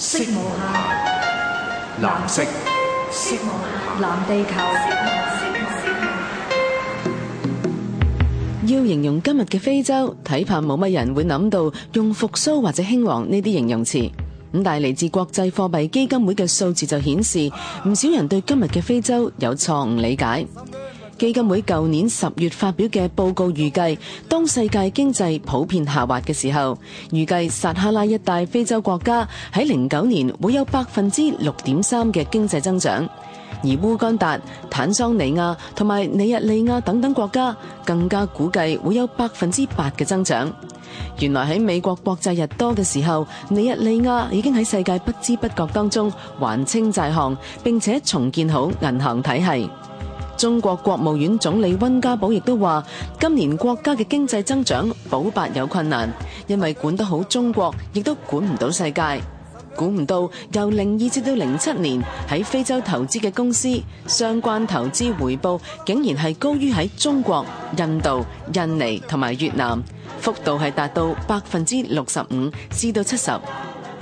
色無限，藍色。色無限，藍地球。要形容今日嘅非洲，睇怕冇乜人會諗到用復蘇或者興旺呢啲形容詞。咁但係嚟自國際貨幣基金會嘅數字就顯示，唔少人對今日嘅非洲有錯誤理解。基金會舊年十月發表嘅報告預計，當世界經濟普遍下滑嘅時候，預計撒哈拉一帶非洲國家喺零九年會有百分之六點三嘅經濟增長，而烏干達、坦桑尼亞同埋尼日利亞等等國家更加估計會有百分之八嘅增長。原來喺美國國債日多嘅時候，尼日利亞已經喺世界不知不覺當中還清債項，並且重建好銀行體系。。中國國務院總理溫家寶亦都話，今年國家嘅經濟增長保八有困難，因為管得好中國，亦都管唔到世界。估唔到，由零二至到零七年喺非洲投資嘅公司，相關投資回報竟然係高於喺中國、印度、印尼同埋越南，幅度係達到百分之六十五至到七十。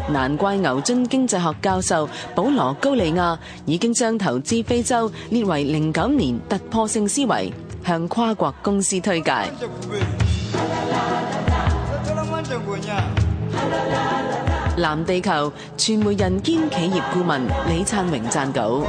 難怪牛津經濟學教授保羅高利亞已經將投資非洲列為零九年突破性思維，向跨國公司推介。藍地球傳媒人兼企業顧問李燦榮撰稿。